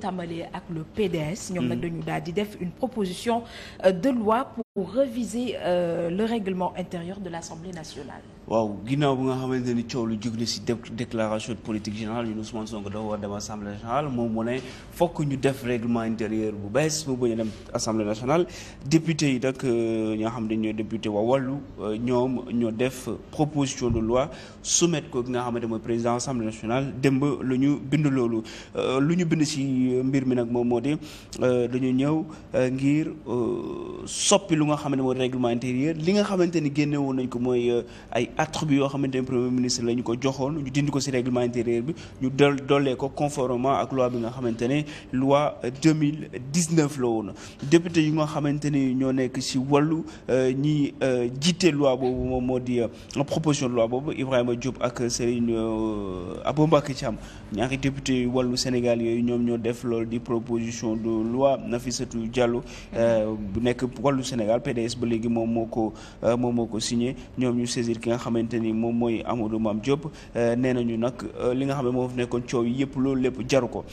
tàmbalee ak le PDS ñoom nag mm. dañu daal di def une proposition euh, de loi pour réviser euh, le règlement intérieur de l'Assemblée nationale. waaw ginnaaw bu nga xamante ni coow lu jóg na si déclaration de politique générale yu Ousmane Sonko dafa war dem assemblée nationale moom mu ne fokk ñu def règlement intérieur bu bees mu bañ a dem assemblée nationale député yi nag euh, ñoo xam ne ñooy député waa wàllu euh, ñoom ñoo def proposition de loi su soumettre ko ki nga xamante mooy président assemblée nationale démb lu ñu bind loolu euh, lu ñu bind si mbir mi nag moom moo di dañu ñëw ngir lu nga xamante mooy règlement intérieur li nga xamante ni génne woon nañ ko mooy euh, ay attributs yoo xamante ni premier ministre la ñu ko joxoon ñu dindi ko ci règlement intérieur bi ñu dol dollee ko conformément ak loi bi nga xamante ne loi 2019 euh, la woon député yu nga xamante ni ñoo nekk si wàllu euh, ñi jiite loi boobu moom moo di proposition de loi boobu Ibrahima Diop ak Serigne Aboubacar Thiam ñaari député wàllu Sénégal yooyu ñoom ñoo def lool di proposition de loi Nafissatou Diallo bu nekk wàllu Sénégal Sénégal PDS ba léegi moom moo ko euh, moom moo ko signé ñoom ñu saisir ki nga xamante ni moom mooy Amadou Mame Diop euh, nee ñu nag euh, li nga xam ne moo fi nekkoon coow yëpp loolu lépp jaru ko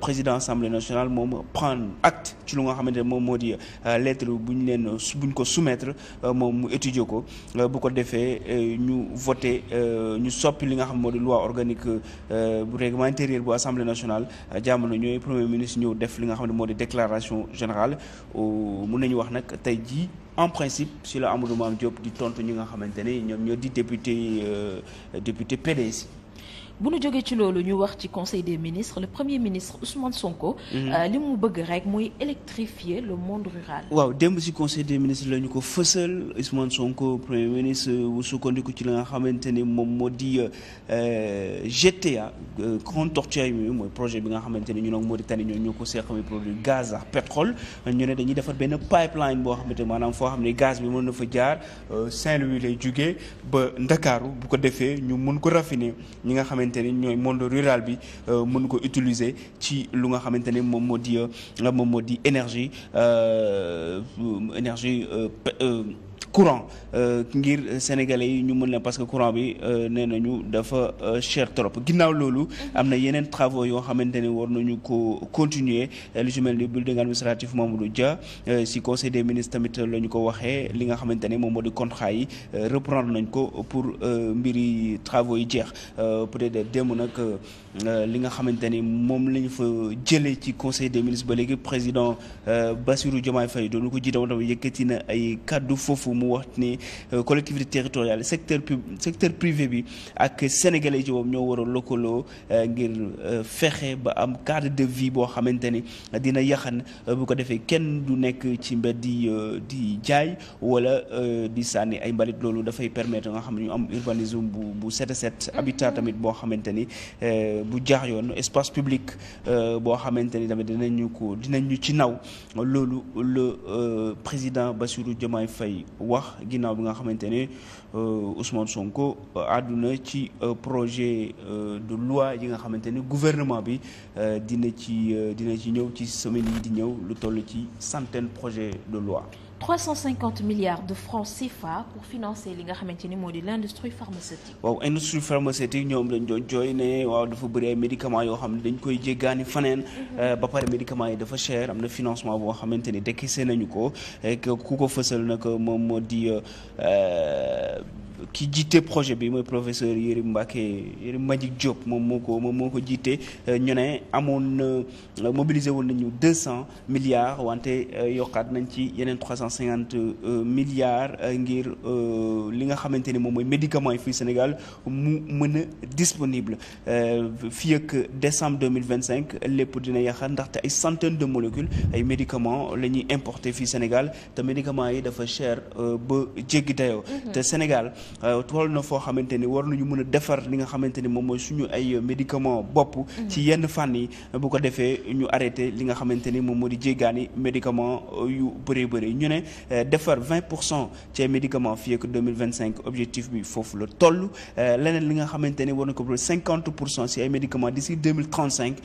président assemblée nationale moom prendre acte ci lu nga xamante ne moom moo di lettre bu ñu leen bu ñu ko sumetre moom mu étudier ko bu ko defee ñu voté ñu soppi li nga xam moo di loi organique bu règlement intérieur bu assemblée nationale jamono ñooy premier ministre ñëw def li nga xam ne moo di déclaration générale mun nañu wax nag tey jii lii en principe si la Amadou Mame Diop di tontu ñi nga xamante ni ñoom ñoo di député euh, député PDS. bu ñu jógee ci loolu ñu wax ci conseil des ministres le premier ministre Ousmane Sonko. Mhm. Euh, li mu bëgg rek mooy électrifier le monde rural. waaw démb si conseil des ministres la ñu ko fësal Ousmane Sonko premier ministre bu sukkandiku ci li nga xamante ni moom moo di euh, GTA euh, Grand Tortue mooy projet bi nga xamante ni ñun ak Mauritanie ñoo ñoo ko seq muy produit gaz ak pétrole ñu ne dañuy defar benn pipeline boo xamante maanaam foo xam ne gaz bi mën na fa jaar Saint-Louis lay jugee ba Ndakaaru bu ko defee ñu mun ko raffiner ñi nga xamante ni ñooy monde rural bi euh, mën ko utiliser ci lu nga xamante ni moom moo di euh, moom moo di énergie euh, énergie courant euh, ngir sénégalais yi ñu mën leen parce que courant bi euh, nee nañu dafa euh, cher trop ginnaaw loolu mhm. am na yeneen travaux yoo xamante ne war nañu ko continuer lu ci mel ni building administratif Mamadou Dia si conseil des ministres tamit la ñu ko waxee li nga xamante ni moom moo di contrat yi reprendre nañ ko pour mbiri travaux yi jeex peut-être démb nag Euh, li nga xamante ni moom la ñu fa jëlee ci conseil de ministres ba léegi président euh, Bassirou Diomaye Faye doon ko jiite woon tamit yëkkati na ay kàddu foofu mu wax ni euh, collectivité territoriale secteur pub privé bi ak sénégalais ci ñoo war a lëkkaloo ngir fexe ba am cadre de vie boo xamante ni dina yaxan bu ko defee kenn du nekk ci mbedd di di jaay wala di sànni ay mbalit loolu dafay permettre nga xam ne ñu am urbanisme bu bu set set mm-hmm. habitat tamit boo xamante ni. bu jaar yoon espace public euh, boo xamante ni tamit dinañu ko dinañu ci naw loolu le euh, président Bassirou Diomaye fay wax ginnaaw bi nga xamante ne euh, Ousmane Sonko àdduna ci projet de loi yi nga xamante ni gouvernement bi dina ci dina ci ñëw ci semaine yi di ñëw lu toll ci centaine projet de loi 350 milliards de francs CFA pour financer li nga xamante ni moo di l'industrie pharmaceutique. waaw industrie pharmaceutique ñoom dañ doon jooy ne waaw dafa bëri ay médicaments yoo xam ne dañ koy jéggaani faneen. Mhm. Euh, ba pare médicaments yi dafa cher am na financement boo xamante ni dekkise nañu ko ku ko fësal nag moom moo di. Euh, ki jiite projet bi mooy professeur Yérim Mbacké Yérim Magic Diop moom moo ko moom moo ko jiite euh, ñu ne amoon na euh, mobilisé woon nañu deux cent milliards wante euh, yokkaat nañ ci yeneen trois cent cinquante milliards ngir li nga xamante ni moom mooy médicaments yi fii Sénégal mu mën a disponible fii ak décembre deux mille vingt cinq lépp dina yaxar ndaxte ay centaines de molécules ay médicaments la ñuy importé fii Sénégal te médicaments yi dafa cher ba jéggi mm-hmm. te Sénégal. Euh, toll na foo xamante ni war na ñu mën a defar li nga xamante ni moom mooy suñu ay médicament bopp ci yenn fànn yi bu ko defee ñu arrêté li nga xamante ni moom moo di jéggaani médicament euh, yu bëree bëri ñu ne euh, defar 20 pour cent ci médicament fii ak 2025 objectif bi foofu la toll leneen li nga xamante ni war na ko bëri 50 pour cent si ay médicament d'ici 2035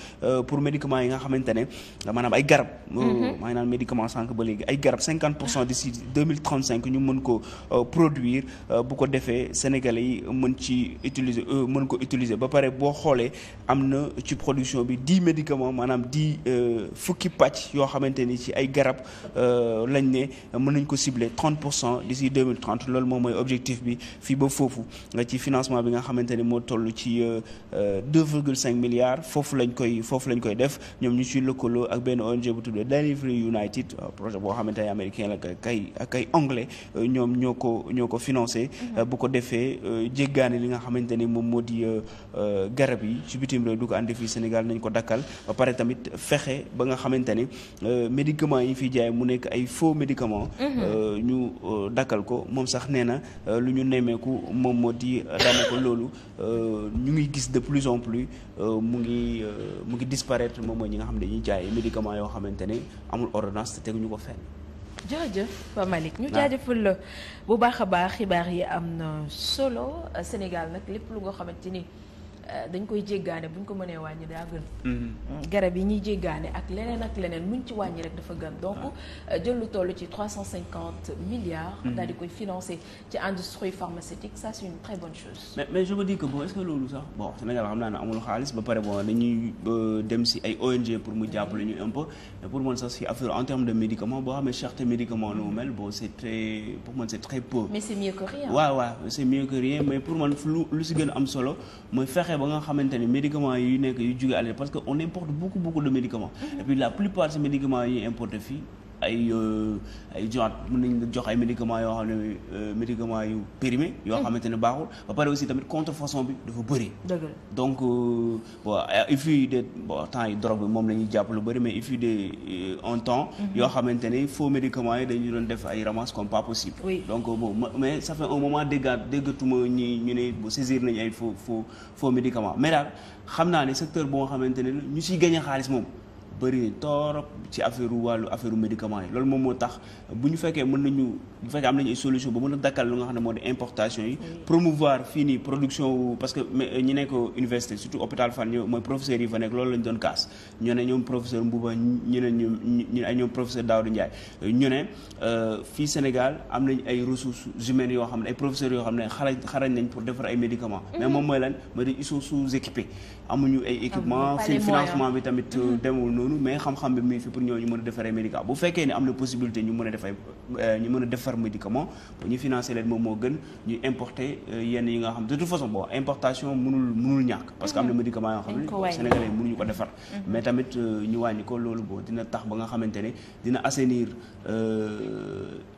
pour médicament yi nga xamante ne maanaam ay garab mm-hmm. maa ngi naan médicament sànq ba léegi ay garab 50 pour cent d'ici 2035 ñu mën ko produire bu ko defee sénégalais yi mën ci utiliser euh, mën ko utiliser ba pare boo xoolee am na ci production bi dix médicament maanaam dix euh, fukki pàcc yoo xamante ni ci ay garab euh, lañ ne mën nañ ko cibler trente pour cent d'ici deux mille trente loolu moom mooy objectif bi fii ba foofu ci financement bi nga xamante ni moo toll ci deux virgule cinq milliards foofu lañ koy foofu lañ koy def ñoom ñu ciy lëkkaloo ak benn ONG bu tuddee Delivery United projet boo xamante ne américain la ak ay ak ay anglais ñoom ñoo ko ñoo ko financé. Mm-hmm. Euh, bu ko defee euh, jéggaane li nga xamante ni moom moo di euh, garab yi ci bitim réew du ko andi fii Sénégal nañ ko dakkal ba pare tamit fexe ba nga xamante ni médicament yi fi jaay mu nekk ay faux médicament mhm. ñu dakkal ko moom sax nee na lu ñu nemmeeku moom moo di daanaka loolu ñu ngi gis de plus en plus mu ngi mu ngi disparaître moom mooy ñi nga xam ne dañuy jaay médicament yoo xamante ne amul ordonnance te teguñu ko fenn jërëjëf Pa Malick ñu jaajëfal la bu baax a baax xibaar yi am na solo Sénégal nag lépp lu nga xamante ni. Euh, dañ koy jéggaane bu ñu ko mënee wàññi daa gën. Mm-hmm. garab yi ñuy jéggaane ak leneen ak leneen luñ ci wàññi rek dafa gën. donc ah. euh, jël lu toll ci trois cent cinquante milliards. Mm-hmm. daal di koy financer ci industrie pharmaceutique ça c'est une très bonne chose. mais mais je me dis que est-ce que loolu sax bon Sénégal xam naa ne amul xaalis ba pare bon dañuy euh, dem si ay ONG pour mu jàppale ñu un pour man sax si affaire en termes de médicaments boo xamee cherté médicament nu mu mel bon c'est très pour man c'est très peu. mais c'est mieux que rien. waaw waaw c'est mieux que rien mais pour man lu lu si gën a am solo fexe ba nga xamante ne médicaments nekk yu jóge àll parce que on importe beaucoup beaucoup de médicaments et puis la plupart ces médicaments yi importé fii ay euh, ay genre mën nañ la jox ay médicaments yoo xam ne euh, médicaments yu périmés yoo hmm. xamante ne baaxul ba pare aussi tamit façon bi dafa bëri donc euh, bon il fut des yi drogue bi moom la ñuy jàpp lu bëri mais il fut temps hmm. yoo xamante ne foo médicaments yi dañu doon def ay ramasses comme pas possible donc bon mais ça fait un moment déggaat déggatuma ñi ñu ne bu saisir nañu ay faux faux faux médicaments mais xam naa ne secteur boo xamante ne ñu siy gagné xaalis moom bëree torop ci affaire wàllu affaire médicament yi loolu moom moo tax bu ñu fekkee mën nañu bu fekkee am nañu ay solution ba mën a dakkal lu nga xam ne moo di importation yi promouvoir fii nii production que euh, ñi nekk université surtout hôpital Fann mooy professeurs yi fa nekk loolu lañ doon kaas ñu ne ñoom professeur Mbouba ñu ne ñoom ñu ay ñoom professeur Daouda ne euh, fii Sénégal am nañ ay ressources humaines yoo xam ne ay professeurs yoo xam ne xarañ nañ pour defar ay médicaments mais mm-hmm. moom mooy lan mooy dañ ils sous équipés amuñu ay équipement seen financement bi tamit euh, mm-hmm. demewul noonu mais xam-xam bi muy fi pour ñooñu mën a defaree médicament bu fekkee ne am na possibilité ñu mën a def ay euh, ñu mën a defar médicament bu ñu financer leen moom moo gën ñu importer euh, yenn yi nga xam de toute façon bon importation mënul mënul ñàkk parce que am na mm-hmm. médicament yoo xam ne sénégalais mënuñu ko defar mm-hmm. mais tamit ñu wàññi ko loolu boo dina tax ba nga xamante ne dina assainir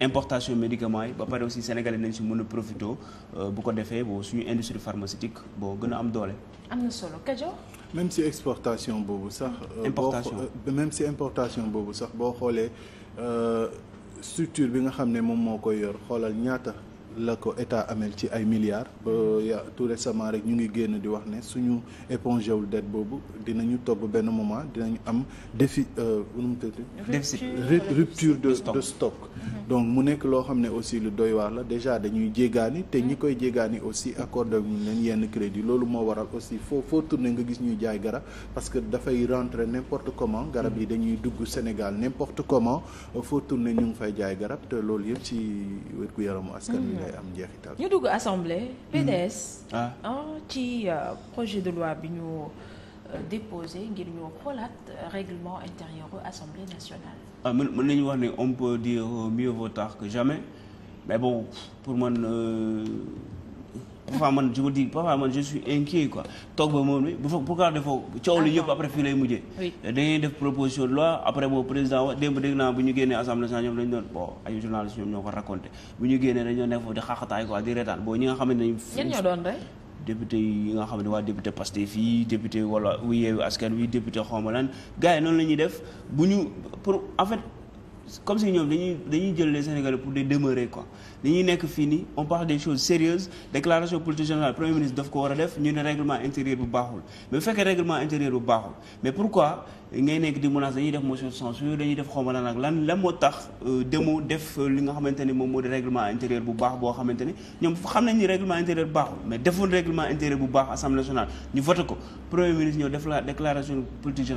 importation médicament yi ba pare aussi sénégalais nañ si mën a profito bu ko defee bo suñu industrie pharmaceutique boo gën a am doole Sadio même si exportation boobu sax. Euh, importation euh, même si importation boobu sax boo xoolee euh, structure bi nga xam ne moom moo koy yor xoolal ñaata la ko état ameel ci ay milliards. ba ya tout récemment rek ñu ngi génn di wax ne suñu épongé wul dette boobu dinañu topp benn moment dinañu am défi nu mu tëdd. rupture de stock. donc mu nekk loo xam ne aussi lu doy waar la déjà dañuy jéggaani te ñi koy jéggaani aussi accordé wuñ leen yenn crédit loolu moo waral aussi foo foo tourné nga gis ñuy jaay garab parce que dafay rentrer n'importe comment garab yi dañuy dugg Sénégal n'importe comment foo tourné ñu ngi fay jaay garab te loolu yëpp ci wérgu yaramu askan wi hmm. lay am njeexital. ñu dugg assemblée. Hmm. PDS. Ah. ah ci euh, projet de loi bi ñu. déposé ngir ñu xoolaat règlement intérieur assemblée nationale. ah mën nañu wax ne on peut dire euh, mieux vaut tard que jamais mais bon pour man euh, parfois man je me dis parfois man suis inquiet quoi toog ba moom mi bu fa pourquoi defoo coow li yëpp ah, après fii lay mujjee. da def proposition de loi après boobu président wax démb dégg naa bu ñu génnee assemblée nationale ñoom dañu doon bon ay journalistes ñoo ko raconté bu ñu génnee dañoo nekk foofu di xaaxataay quoi di ñi nga xam ne. ñenn député yi nga xam ne waa député Pastef yi député wala Yewwi Askan Wi député xawma lan gars yi noonu la ñuy def bu ñu pour en comme si ñoom dañuy dañuy jël les Sénégalais pour des demeurés quoi dañuy nekk fii nii on parle des choses sérieuses déclaration politique générale premier ministre daf ko war a def ñu ne règlement intérieur bu baaxul mais bu fekkee règlement intérieur bu baaxul mais pourquoi ngay nekk di menace dañuy def motion de censure dañuy def xawma lan ak lan lan moo tax euh, demo def euh, li nga xamante ni moom moo di règlement intérieur bu baax boo xamante ni ñoom xam nañ ni règlement intérieur bu baaxul mais defoon règlement intérieur bu baax assemblée nationale ñu voté def la déclaration politique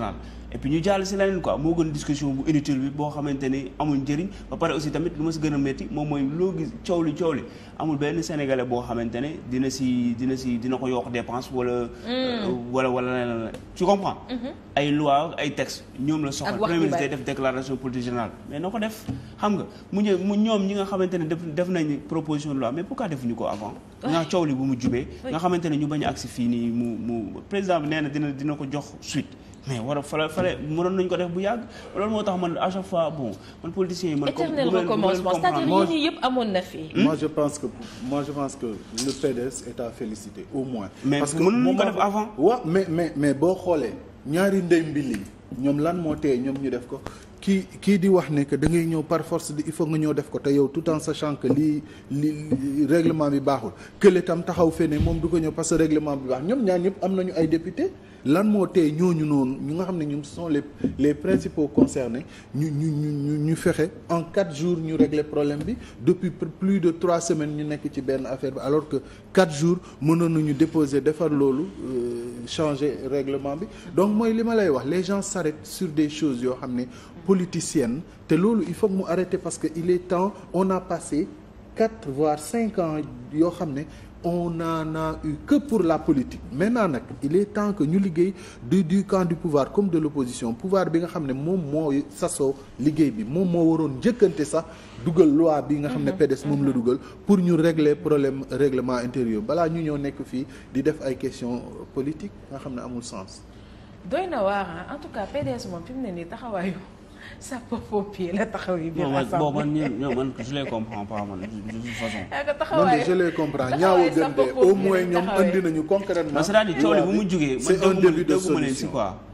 et ñu jàll si leneen quoi moo gën discussion bu inutile bi boo xamante ni amul njëriñ ba pare aussi tamit lu ma si gën a métti moom mooy loo gis coow li coow li amul benn sénégalais boo xamante ne dina si dina si dina ko yokk dépense wala. Mm. Euh, wala wala leneen la tu comprends. Mm-hmm. ay loi ay texte ñoom la soxla. premier ministre day def déclaration politique générale mais na ko def xam nga mu mu ñoom ñi nga xamante ne def def nañ proposition de loi mais pourquoi defuñu ko avant. nga coow li bu mu jubee. nga xamante ne ñu bañ a agsi fii nii mu mu président bi nee na dina dina ko jox suite. mais war a fale fale mënoon nañu ko def bu yàgg loolu moo tax man à chaque fois bon man politicien yi man. éternel recommencement c'est-à-dire yii nii yëpp amoon na fi. moi je pense que moi je pense que le PDS est à féliciter au moins. parce que mënoon nañu ko def avant. waaw mais mais mais boo xoolee ñaari ndey mbili ñoom lan moo tee ñoom ñu def ko kii kii di wax ne que da ngay ñëw par force di il faut nga ñëw def ko te yow tout en sachant que lii li règlement bi baaxul kële tam taxaw fene moom du ko ñëw parce que règlement bi baax ñoom ñaar ñëpp am nañu ay député. lan moo tee ñooñu noonu ñu nga xam ne ñoom sont les les principaux concernés ñu ñu ñu ñu ñu fexe en quatre jours ñu régler problème bi depuis plus de trois semaines ñu nekk ci benn affaire bi alors que quatre jours mënoon nañu déposer defar loolu euh, changer règlement bi donc mooy li ma lay wax les gens s'arrêtent sur des choses yoo xam ne politiciennes te loolu il faut mu arrêter parce que il est temps on a passé quatre voire cinq ans yoo xam ne on n'en a eu que pour la politique maintenant nag il est temps que ñu liggéey du du camp du pouvoir comme de l'opposition pouvoir bi nga xam ne moom moo sasoo liggéey bi moom moo waroon njëkkante sax dugal loi bi nga xam ne mhm. PDS moom la mhm. dugal pour ñu régler problème réglement intérieur balaa ñu ñëw nekk fii di def ay questions politique nga xam ne amul sens. doy na waar en tout cas PDS moom fi ne nii taxawaay sapeur-pompier la taxawee. biir assemblée non man man man je les comprends pas man de toute façon. Ah, taxawaay je les comprends ñaaw gën bu mu jugee. c'est un début de si quoi.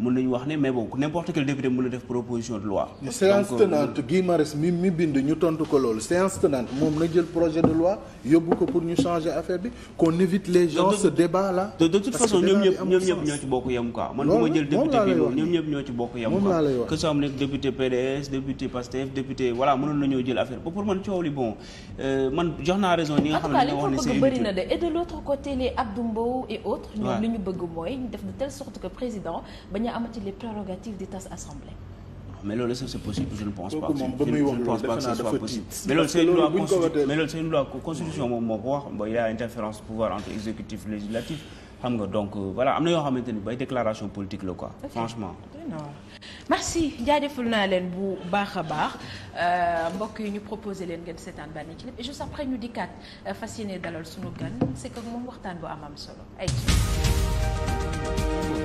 mën nañu wax ne mais bon n'importe quel député mën na def proposition de loi. séance tenante Guy Marius mi mi bind ñu tontu ko loolu séance tenante moom na jël projet de loi yóbbu ko pour ñu changer affaire bi qu'on évite député PDS député PASTEF député voilà mënoon nañoo jël affaire ba pour man coow li bon euh, man jox naa raison. ñi nga xam ne wax ne c'est bëri na de et de l'autre côté les Abdou Mbow et autres ñoom li ñu bëgg mooy def de telle sorte que président bañ a amati les prérogatives di tas assemblée. mais loolu est-ce que c'est possible je ne pense pas. moom ba muy wax loolu defe naa dafa tiit mais loolu c'est une loi mais loolu c'est une loi constitution moom moo ko wax ba y a interférence pouvoir entre exécutif législatif xam nga donc euh, voilà am na yoo xamante ni bay déclaration politique la quoi franchement. merci jaajëfal naa leen bu baax a baax euh, mbokk yi ñu proposé leen ngeen seetaan benn clip et juste après ñu dikkaat euh, fasciné dalal sunu gan c'est que moom waxtaan bu am am solo ay